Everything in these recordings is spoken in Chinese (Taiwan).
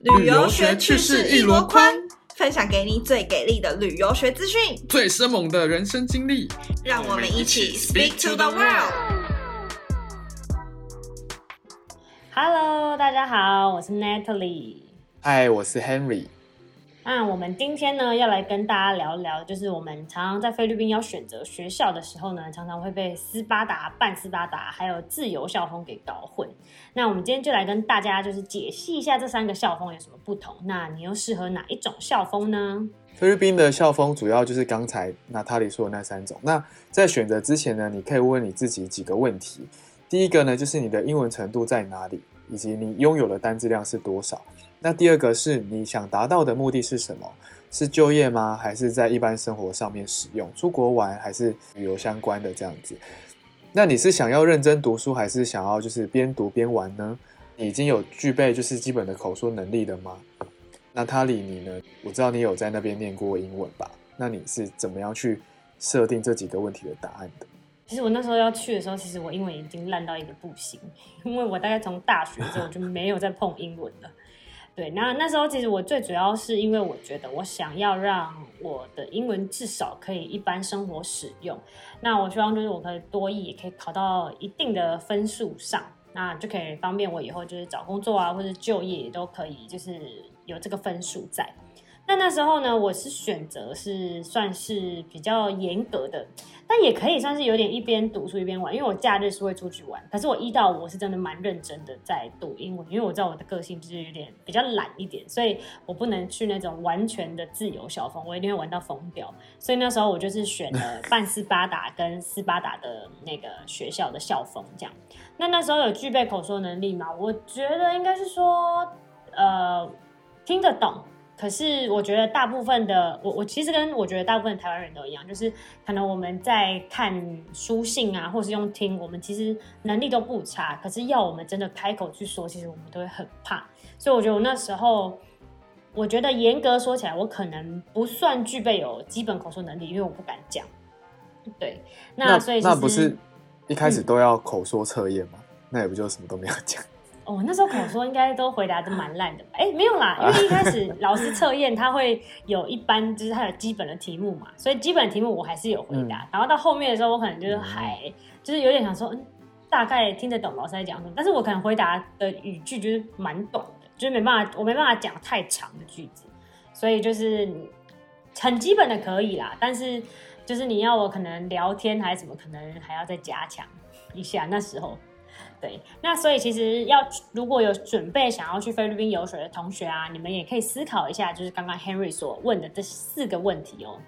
旅遊學趣事一籮筐，分享給你最給力的旅遊學資訊，最生猛的人生經歷，讓我們一起 speak to the world。Hello，大家好，我是 Natalie。Hi，我是 Henry。那、嗯、我們今天呢，要來跟大家聊一聊，就是我們常常在菲律賓要選擇學校的時候呢，常常會被斯巴達、半斯巴達還有自由校風給搞混。那我們今天就來跟大家就是解析一下這三個校風有什麼不同。那你又適合哪一種校風呢？菲律賓的校風主要就是剛才娜塔莉說的那三種。那在選擇之前呢，你可以問你自己幾個問題。第一個呢，就是你的英文程度在哪裡，以及你擁有的單字量是多少。那第二個是你想達到的目的是什麼？是就業嗎？還是在一般生活上面使用？出國玩還是旅遊相關的這樣子？那你是想要認真讀書，還是想要就是邊讀邊玩呢？你已經有具備就是基本的口說能力的嗎？那他裡你呢？我知道你有在那邊念過英文吧？那你是怎麼樣去設定這幾個問題的答案的？其實我那時候要去的時候，其實我英文已經爛到一個不行，因為我大概從大學之後就沒有再碰英文了。 對，那那時候其實我最主要是因為我覺得我想要讓我的英文至少可以一般生活使用，那我希望就是我可以多益，也可以考到一定的分數上，那就可以方便我以後就是找工作啊或者就業也都可以，就是有這個分數在。那那時候呢，我是選擇是算是比較嚴格的，但也可以算是有點一邊讀書一邊玩，因為我假日是會出去玩。可是我一到五我是真的蠻認真的在讀英文，因為我知道我的個性就是有點比較懶一點，所以我不能去那種完全的自由校風，我一定會玩到瘋掉。所以那時候我就是選了半斯巴達跟斯巴達的那個學校的校風這樣。那那時候有具備口說能力嗎？我覺得應該是說，呃，聽得懂。可是我覺得大部分的我，我其實跟我覺得大部分的台灣人都一樣，就是可能我們在看書信啊，或是用聽，我們其實能力都不差。可是要我們真的開口去說，其實我們都會很怕。所以我覺得我那時候，我覺得嚴格說起來，我可能不算具備有基本口說能力，因為我不敢講。對，那，那所以，就是，那不是一開始都要口說測驗嗎？嗯，那也不就什麼都沒有講。我、哦，那時候可能說應該都回答的蠻爛的，哎、欸，沒有啦，因為一開始老師測驗他會有一般 就是他有基本的題目嘛，所以基本的題目我還是有回答。嗯、然後到後面的時候，我可能就是還、嗯、就是有點想說，嗯，大概聽得懂老師在講什麼，但是我可能回答的語句就是蠻短的，就是沒辦法，我沒辦法講太長的句子，所以就是很基本的可以啦。但是就是你要我可能聊天還是怎麼，可能還要再加強一下那時候。那所以其實要如果有準備想要去菲律賓遊學的同學啊，你們也可以思考一下，就是剛剛 Henry 所問的這四個問題哦。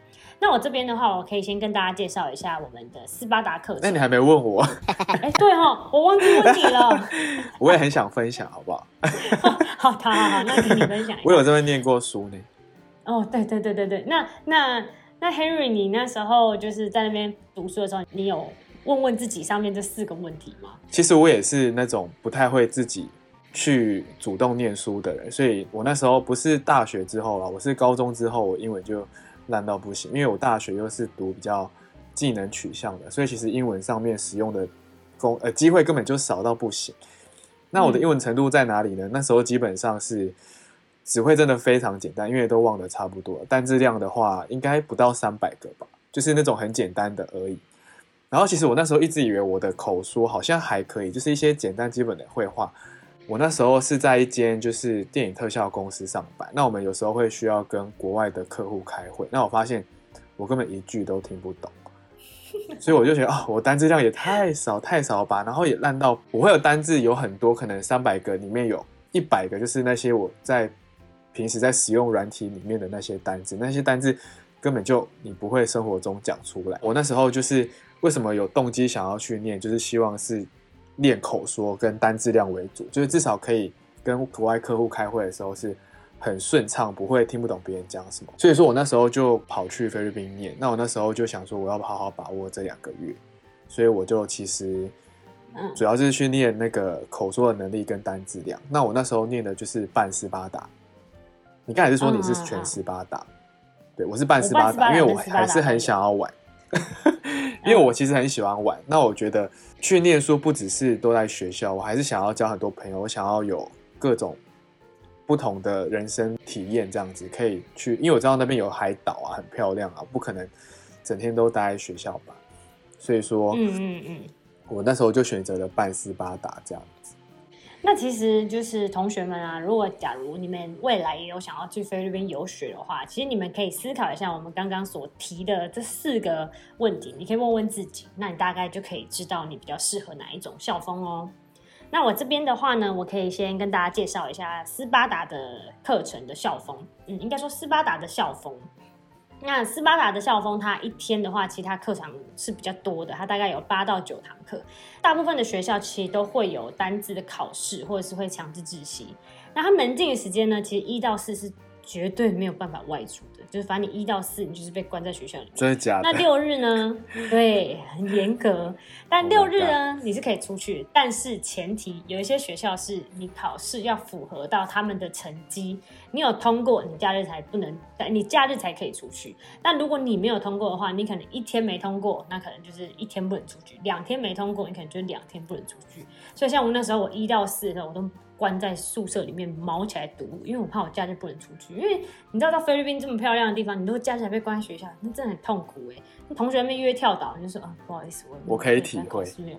那我這邊的話，我可以先跟大家介紹一下我們的斯巴達克。那你還沒問我？哎， 對哈，我忘記問你了。 我也很想分享，好不好？ 好，好，好，好，那請你分享一下。 我有在那邊念過書呢。哦，對，對，對，對，對，那，那，那 Henry，你那時候就是在那邊讀書的時候，你有。問問自己上面這四個問題嗎？其實我也是那種不太會自己去主動念書的人，所以我那時候不是大學之後啊，我是高中之後，我英文就爛到不行。因為我大學又是讀比較技能取向的，所以其實英文上面使用的功，呃，機會根本就少到不行。那我的英文程度在哪裡呢？嗯、那時候基本上是只會真的非常簡單，因為都忘得差不多了。單字量的話，應該不到三百個吧，就是那種很簡單的而已。然後其實我那時候一直以為我的口說好像還可以，就是一些簡單基本的會話。我那時候是在一間就是電影特效公司上班，那我們有時候會需要跟國外的客戶開會，那我發現我根本一句都聽不懂，所以我就覺得啊、哦，我單字量也太少太少吧，然後也爛到我會有單字有很多，可能三百個裡面有一百個就是那些我在平時在使用軟體裡面的那些單字，那些單字根本就你不會生活中講出來。我那時候就是。為什麼有動機想要去念？就是希望是練口說跟單字量為主，就是至少可以跟國外客戶開會的時候是很順暢，不會聽不懂別人講什麼。所以說我那時候就跑去菲律賓念。那我那時候就想說，我要好好把握這兩個月，所以我就其實主要是訓練那個口說的能力跟單字量。那我那時候念的就是半斯巴達，你剛才是說你是全斯巴達，嗯、好好，對我是半斯巴達，因為我還是很想要玩。嗯 因為我其實很喜歡玩，那我覺得去念書不只是都在學校，我還是想要交很多朋友，我想要有各種不同的人生體驗，這樣子可以去。因為我知道那邊有海島啊，很漂亮啊，不可能整天都待在學校吧。所以說，嗯嗯嗯，我那時候就選擇了半斯巴達這樣子。那其實就是同學們啊，如果假如你們未來也有想要去菲律賓遊學的話，其實你們可以思考一下我們剛剛所提的這四個問題，你可以問問自己，那你大概就可以知道你比較適合哪一種校風哦。那我這邊的話呢，我可以先跟大家介紹一下斯巴達的課程的校風。嗯，應該說斯巴達的校風。那斯巴達的校風，它一天的話，其他課程是比較多的，它大概有八到九堂課。大部分的學校其實都會有單字的考試，或者是會強制自習。那它門禁的時間呢？其實一到四是絕對沒有辦法外出的，就是反正你一到四，你就是被關在學校裡面。真的假的？那六日呢？ 對，很嚴格。但六日呢，oh、你是可以出去，但是前提有一些學校是你考試要符合到他們的成績。你有通過，你假日才不能，你假日才可以出去。但如果你沒有通過的話，你可能一天沒通過，那可能就是一天不能出去；兩天沒通過，你可能就是兩天不能出去。所以像我那時候，我一到四的時候，我都關在宿舍裡面，卯起來讀，因為我怕我假日不能出去。因為你知道，到菲律賓這麼漂亮的地方，你如果假日被關在學校，那真的很痛苦哎、欸。同學們約跳島，你就說啊、呃，不好意思，我我可以體會，沒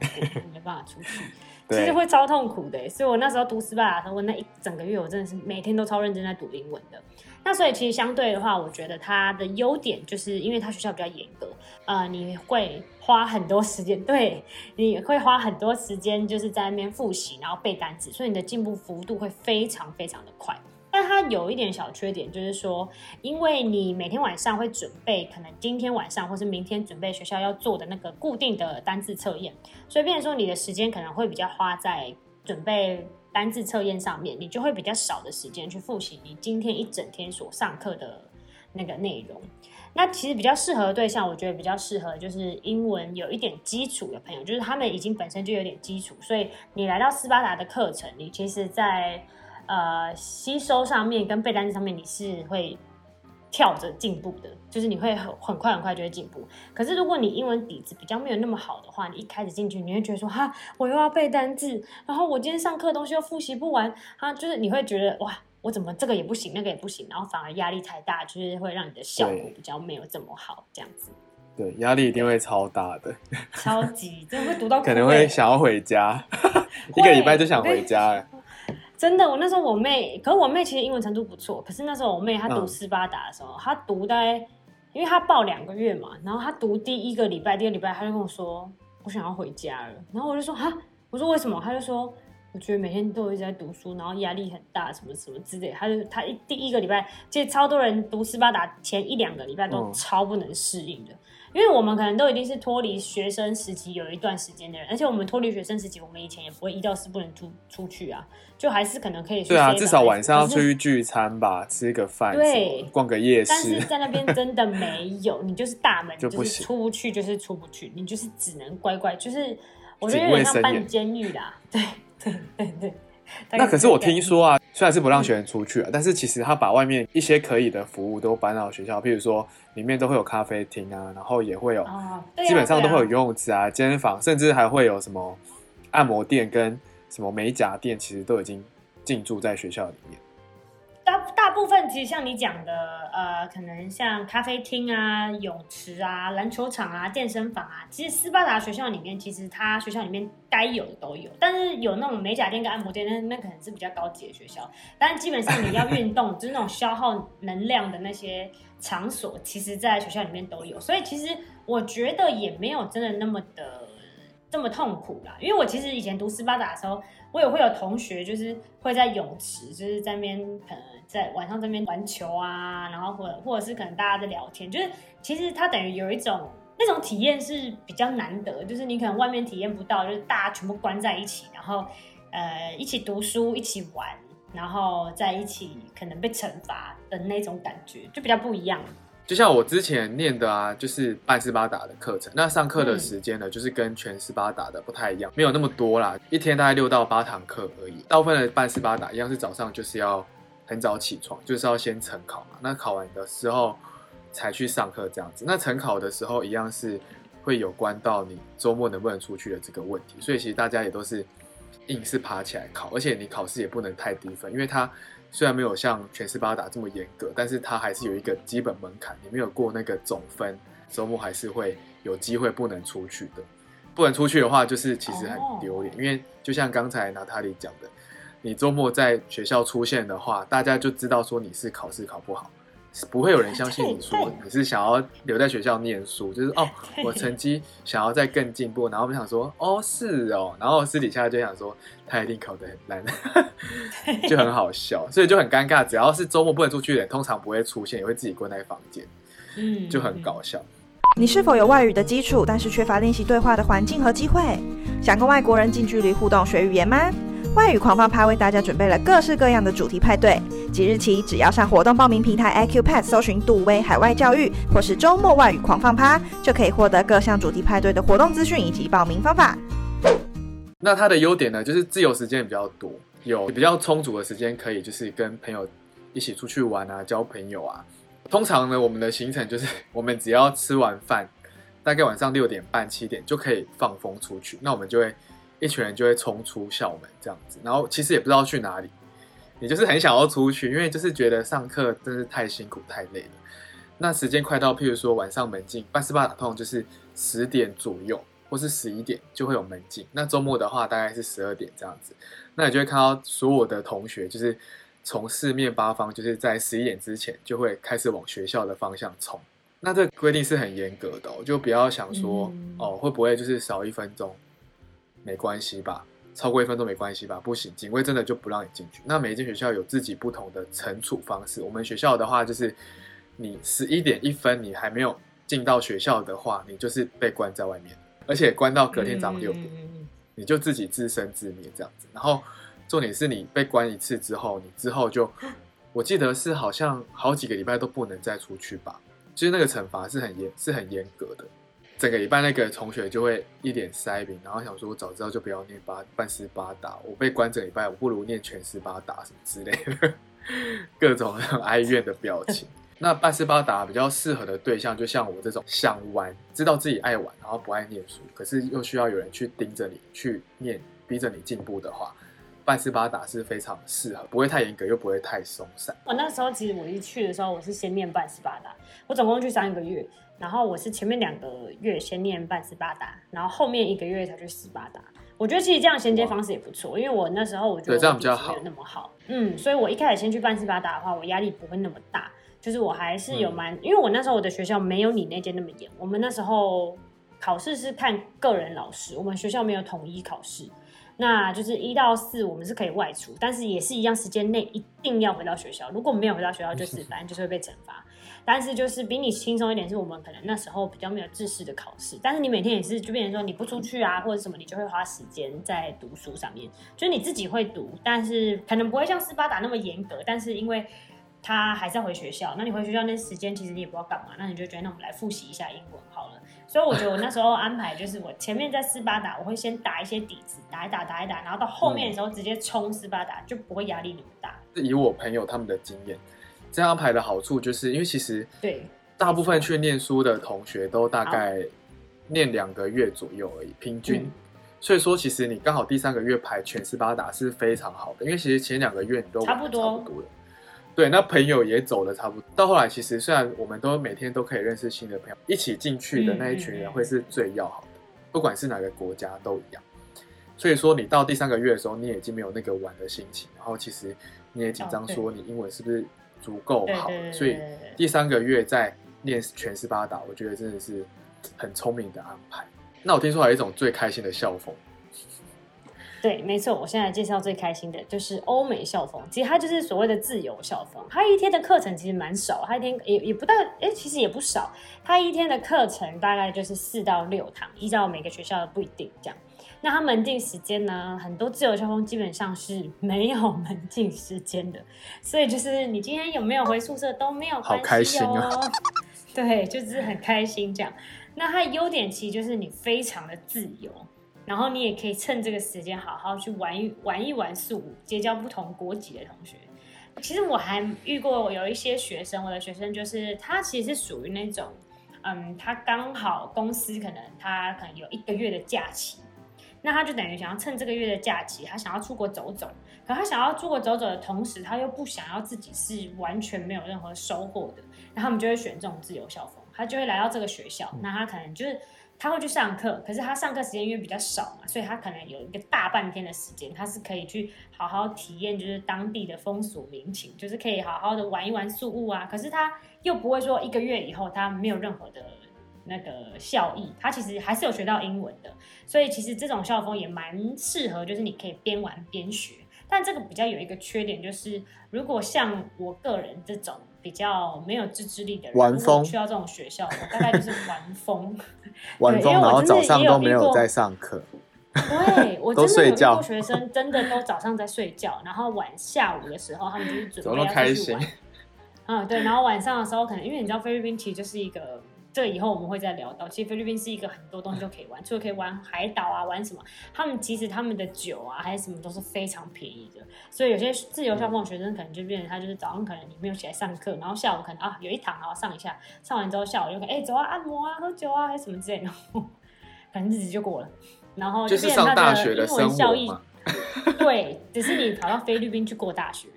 辦法出去。對其實會超痛苦的，所以我那時候讀斯巴達的時候，我那一整個月我真的是每天都超認真在讀英文的。那所以其實相對的話，我覺得他的優點就是因為他學校比較嚴格，呃，你會花很多時間，對，你會花很多時間就是在那邊複習，然後背單詞，所以你的進步幅度會非常非常的快。但它有一點小缺點，就是說，因為你每天晚上會準備，可能今天晚上或是明天準備學校要做的那個固定的單字測驗，所以變說你的時間可能會比較花在準備單字測驗上面，你就會比較少的時間去複習你今天一整天所上課的那個內容。那其實比較適合的對象，我覺得比較適合就是英文有一點基礎的朋友，就是他們已經本身就有點基礎，所以你來到斯巴達的課程，你其實在呃，吸收上面跟背單字上面，你是會跳着進步的，就是你會很很快很快就會進步。可是如果你英文底子比較沒有那麼好的話，你一開始進去，你會覺得說哈，我又要背單字，然後我今天上課東西又複習不完，哈，就是你會覺得哇，我怎麼這個也不行，那個也不行，然後反而壓力太大，就是會讓你的效果比較沒有這麼好，對這樣子。對，壓力一定會超大的，對超級真的會讀到， 可能會想要回家， 一個禮拜就想回家欸真的，我那時候我妹，可是我妹其實英文程度不錯，可是那時候我妹她讀斯巴達的時候，嗯、她讀大概，因為她報兩個月嘛，然後她讀第一個禮拜，第二個禮拜她就跟我說，我想要回家了，然後我就說啊，我說為什麼？她就說，我覺得每天都一直在讀書，然後壓力很大，什麼什麼之類，她就她一第一個禮拜，其實超多人讀斯巴達前一兩個禮拜都超不能適應的。嗯因為我們可能都已經是脫離學生時期有一段時間的人，而且我們脫離學生時期，我們以前也不會一到四不能出出去啊，就還是可能可以。對啊，至少晚上要出去聚餐吧，是吃個飯，對，逛個夜市。但是在那邊真的沒有， 你就是大門就是出不去就是出不去，你就是只能乖乖，就是我覺得有點像半監獄啦對，對對對對。那可是我聽說啊，雖然是不讓學生出去啊，嗯、但是其實他把外面一些可以的服務都搬到學校，譬如說裡面都會有咖啡廳啊，然後也會有，哦、對啊、對啊、基本上都會有游泳池啊、健身房，甚至還會有什麼按摩店跟什麼美甲店，其實都已經進駐在學校裡面。大，大部分其實像你講的，呃，可能像咖啡廳啊、泳池啊、籃球場啊、健身房啊，其實斯巴達學校裡面，其實它學校裡面該有的都有。但是有那種美甲店跟按摩店，那那可能是比較高級的學校。但基本上你要運動， 就是那種消耗能量的那些場所，其實在學校裡面都有。所以其實我覺得也沒有真的那麼的。這麼痛苦啦，因為我其實以前讀斯巴達的時候，我也會有同學，就是會在泳池，就是在那邊，可能在晚上在那邊玩球啊，然後或者或者是可能大家在聊天，就是其實它等於有一種那種體驗是比較難得，就是你可能外面體驗不到，就是大家全部關在一起，然後呃一起讀書，一起玩，然後在一起可能被懲罰的那種感覺，就比較不一樣。就像我之前念的啊，就是半斯巴達的課程，那上課的時間呢，嗯、就是跟全斯巴達的不太一樣，沒有那麼多啦，一天大概六到八堂課而已。大部分的半斯巴達一樣是早上就是要很早起床，就是要先晨考嘛。那考完的時候才去上課這樣子。那晨考的時候一樣是會有關到你週末能不能出去的這個問題，所以其實大家也都是硬是爬起來考，而且你考試也不能太低分，因為他。雖然沒有像全斯巴達這麼嚴格，但是它還是有一個基本門檻。你沒有過那個總分，週末還是會有機會不能出去的。不能出去的話，就是其實很丟臉，因為就像剛才娜塔莉講的，你週末在學校出現的話，大家就知道說你是考試考不好。不會有人相信你說你是想要留在學校念書，就是哦，我成績想要再更進步。然後我們想說，哦，是哦。然後私底下就想說，他一定考得很爛， 就很好笑，所以就很尷尬。只要是周末不能出去的人，通常不會出現，也會自己關在房間，嗯，就很搞笑。你是否有外語的基礎，但是缺乏練習對話的環境和機會，想跟外國人近距離互動學語言嗎？外語狂放趴為大家準備了各式各樣的主題派對，即日起只要上活動報名平台 IQPad 搜尋“杜威海外教育”或是“周末外語狂放趴”，就可以獲得各項主題派對的活動資訊以及報名方法。那它的優點呢，就是自由時間比較多，有比較充足的時間可以就是跟朋友一起出去玩啊，交朋友啊。通常呢，我們的行程就是我們只要吃完飯，大概晚上六點半七點就可以放風出去，那我們就會。一群人就會衝出校門這樣子，然後其實也不知道去哪裡，你就是很想要出去，因為就是覺得上課真是太辛苦太累了。那時間快到，譬如說晚上門禁半時半打通，就是十點左右，或是十一點就會有門禁。那周末的話大概是十二點這樣子，那你就會看到所有的同學就是從四面八方，就是在十一點之前就會開始往學校的方向衝。那這規定是很嚴格的、哦，就不要想說、嗯、哦會不會就是少一分鐘。沒關係吧，超過一分鐘沒關係吧，不行，警衛真的就不讓你進去。那每一間學校有自己不同的懲處方式，我們學校的話就是，你十一點一分你還沒有進到學校的話，你就是被關在外面，而且關到隔天早上六點，嗯、你就自己自生自滅這樣子。然後重點是你被關一次之後，你之後就，我記得是好像好幾個禮拜都不能再出去吧，其實那個懲罰是很嚴，是很嚴格的。整個禮拜那個同學就會一臉塞餅，然後想說：“我早知道就不要念半半斯巴達，我被關整禮拜，我不如念全斯巴達什麼之類的，各種很哀怨的表情。” 那半斯巴達比較適合的對象，就像我這種想玩，知道自己愛玩，然後不愛念書，可是又需要有人去盯着你去念，逼着你進步的話，半斯巴達是非常適合，不會太嚴格又不會太鬆散。我那時候其實我一去的時候，我是先念半斯巴達，我總共去三個月。然後我是前面兩個月先念半斯巴達，然後後面一個月才去斯巴達。我覺得其實這樣銜接方式也不錯，哇因為我那時候我覺得我比較比較這樣比較好，沒有那麼好。嗯，所以我一開始先去半斯巴達的話，我壓力不會那麼大。就是我還是有蠻，嗯、因為我那時候我的學校沒有你那間那麼嚴。我們那時候考試是看個人老師，我們學校沒有統一考試。那就是一到四我們是可以外出，但是也是一樣時間內一定要回到學校。如果沒有回到學校就自班，就是反是正就是會被懲罰。但是就是比你輕鬆一點，是我們可能那時候比較沒有知識的考試。但是你每天也是，就變成說你不出去啊，或者什麼，你就會花時間在讀書上面。就你自己會讀，但是可能不會像斯巴達那麼嚴格。但是因為，他還是要回學校，那你回學校那時間其實你也不知道幹嘛，那你就覺得那我們來複習一下英文好了。所以我覺得我那時候安排就是，我前面在斯巴達我會先打一些底子，打一打，打一打，然後到後面的時候直接衝斯巴達，就不會壓力那麼大。以我朋友他們的經驗。這樣排的好處就是因為其實，對，大部分去念書的同學都大概念兩個月左右而已，平均。嗯、所以說，其實你剛好第三個月排全斯巴達是非常好的，因為其實前兩個月你都差不多差不多了。多對，那朋友也走了，差不多。到後來，其實雖然我們都每天都可以認識新的朋友，一起進去的那一群人會是最要好的，嗯嗯嗯、不管是哪個國家都一樣。所以說，你到第三個月的時候，你已經沒有那個玩的心情，然後其實你也緊張，說你英文是不是、哦？足夠好，對對對對，所以第三個月再練全斯巴達，我覺得真的是很聰明的安排。那我聽說還有一種最開心的校風，對，沒錯，我現在介紹最開心的就是歐美校風，其實它就是所謂的自由校風，它一天的課程其實蠻少，它一天也也不大，哎、欸，其實也不少，它一天的課程大概就是四到六堂，依照每個學校的不一定這樣。那他門禁時間呢？很多自由校風基本上是沒有門禁時間的，所以就是你今天有沒有回宿舍都沒有關係哦。好開心啊！對，就是很開心這樣。那他的優點其實就是你非常的自由，然後你也可以趁這個時間好好去玩一玩一玩宿霧，結交不同國籍的同學。其實我還遇過有一些學生，我的學生就是他其實是屬於那種，嗯，他剛好公司可能他可能有一個月的假期。那他就等於想要趁這個月的假期，他想要出國走走，可他想要出國走走的同時，他又不想要自己是完全沒有任何收穫的。那他們就會選這種自由校風，他就會來到這個學校。那他可能就是他會去上課，可是他上課時間因為比較少嘛，所以他可能有一個大半天的時間，他是可以去好好體驗就是當地的風俗民情，就是可以好好的玩一玩宿霧啊。可是他又不會說一個月以後他沒有任何的，那個校藝，他其實還是有學到英文的，所以其實這種校風也蠻適合，就是你可以邊玩邊學。但這個比較有一個缺點，就是如果像我個人這種比較沒有自制力的人，風如果去到這種學校，大概就是玩瘋。風對，因為我真的也有遇過，都沒有在上課。對，我真的很多學生真的都早上在睡覺，然後晚下午的時候他們就是準備要去玩。啊、嗯，對，然後晚上的時候可能因為你知道菲律賓其實就是一個。這以後我們會再聊到。其實菲律賓是一個很多東西都可以玩，嗯、除了可以玩海島啊，玩什麼？他們其實他們的酒啊還是什麼都是非常便宜的。所以有些自由校風學生可能就變成他就是早上可能你沒有起來上課，嗯、然後下午可能啊有一堂好上一下，上完之後下午就哎、欸、走啊、按摩啊、喝酒啊還是什麼之類的，可能日子就過了。然後就，變成他就是上大學的生活 對，只是你跑到菲律賓去過大學。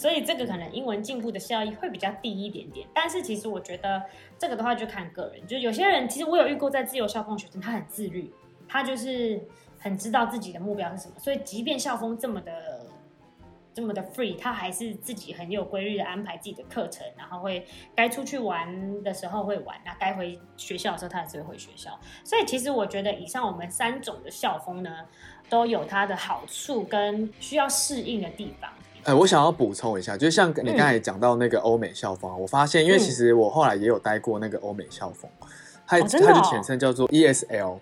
所以這個可能英文進步的效益會比較低一點點，但是其實我覺得這個的話就看個人，就有些人其實我有遇過在自由校風學生，他很自律，他就是很知道自己的目標是什麼，所以即便校風這麼的這麼的 free，他還是自己很有規律的安排自己的課程，然後會該出去玩的時候會玩，那該回學校的時候他還是會回學校。所以其實我覺得以上我們三種的校風呢，都有它的好處跟需要適應的地方。哎、欸，我想要補充一下，就像你剛才講到那個歐美校風，嗯、我發現，因為其實我後來也有待過那個歐美校風，他他就簡稱叫做 ESL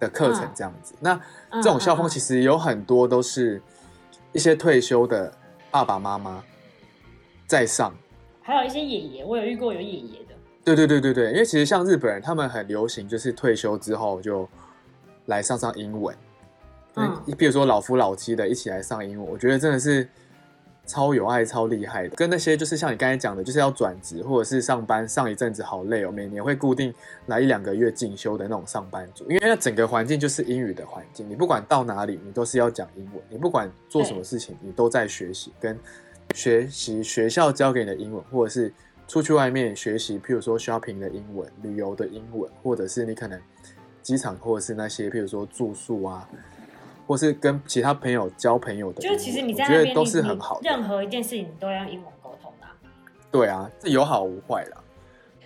的課程這樣子。嗯、那、嗯、這種校風其實有很多都是一些退休的爸爸媽媽在上，還有一些爺爺，我有遇過有爺爺的。對對對對對，因為其實像日本人，他們很流行，就是退休之後就來上上英文。嗯，你、嗯、比如說老夫老妻的一起來上英文，我覺得真的是。超有愛、超厲害的，跟那些就是像你剛才講的，就是要轉職或者是上班上一陣子好累哦，每年會固定來一兩個月進修的那種上班族，因為那整個環境就是英語的環境，你不管到哪裡，你都是要講英文，你不管做什麼事情，你都在學習嘿跟學習學校教給你的英文，或者是出去外面學習，譬如說 shopping 的英文、旅遊的英文，或者是你可能機場或者是那些譬如說住宿啊。或是跟其他朋友交朋友的，就其實你這樣覺得都是很好的。任何一件事情都要英文溝通的啊。對啊，這有好無壞啦。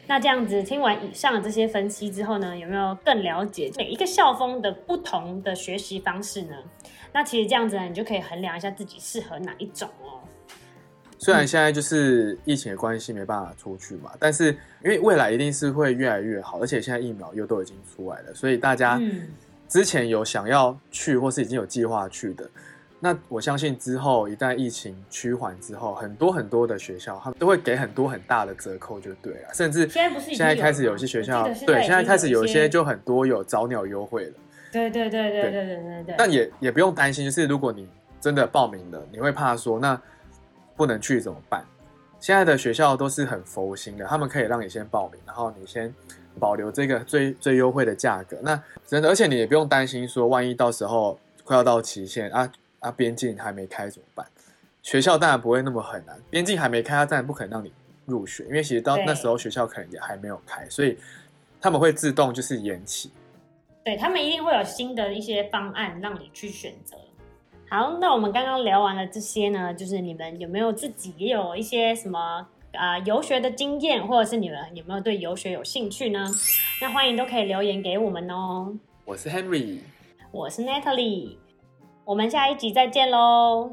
那這樣子聽完以上的這些分析之後呢，有沒有更了解每一個校風的不同的學習方式呢？那其實這樣子呢，你就可以衡量一下自己適合哪一種哦。雖然現在就是疫情的關係沒辦法出去嘛，嗯。但是因為未來一定是會越來越好，而且現在疫苗又都已經出來了，所以大家。嗯之前有想要去或是已經有計劃去的，那我相信之後一旦疫情趨緩之後，很多很多的學校，他們都會給很多很大的折扣，就對了。甚至現在開始有些學校，對，現在開始有些就很多有早鳥優惠了。對對對對對對對對。但也也不用擔心，就是如果你真的報名了，你會怕說那不能去怎麼辦？現在的學校都是很佛心的，他們可以讓你先報名，然後你先。保留這個最最優惠的價格，那真的，而且你也不用擔心說，萬一到時候快要到期限啊啊，邊境還沒開怎麼辦？學校當然不會那麼很難，邊境還沒開，他當然不可能讓你入學，因為其實到那時候學校可能也還沒有開，對所以他們會自動就是延期。對他們一定會有新的一些方案讓你去選擇。好，那我們剛剛聊完了這些呢，就是你們有沒有自己也有一些什麼？啊，遊、呃、學的經驗，或者是你們，你們有沒有對遊學有興趣呢？那歡迎都可以留言給我們哦、喔。我是 Henry，我是 Natalie，我們下一集再見嘍。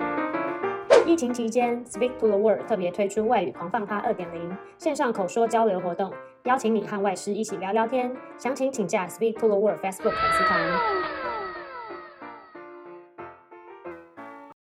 疫情期間，Speak to the World 特別推出外語狂放趴二點零線上口說交流活動，邀請你和外師一起聊聊天。詳情請加 Speak to the World Facebook 粉絲團。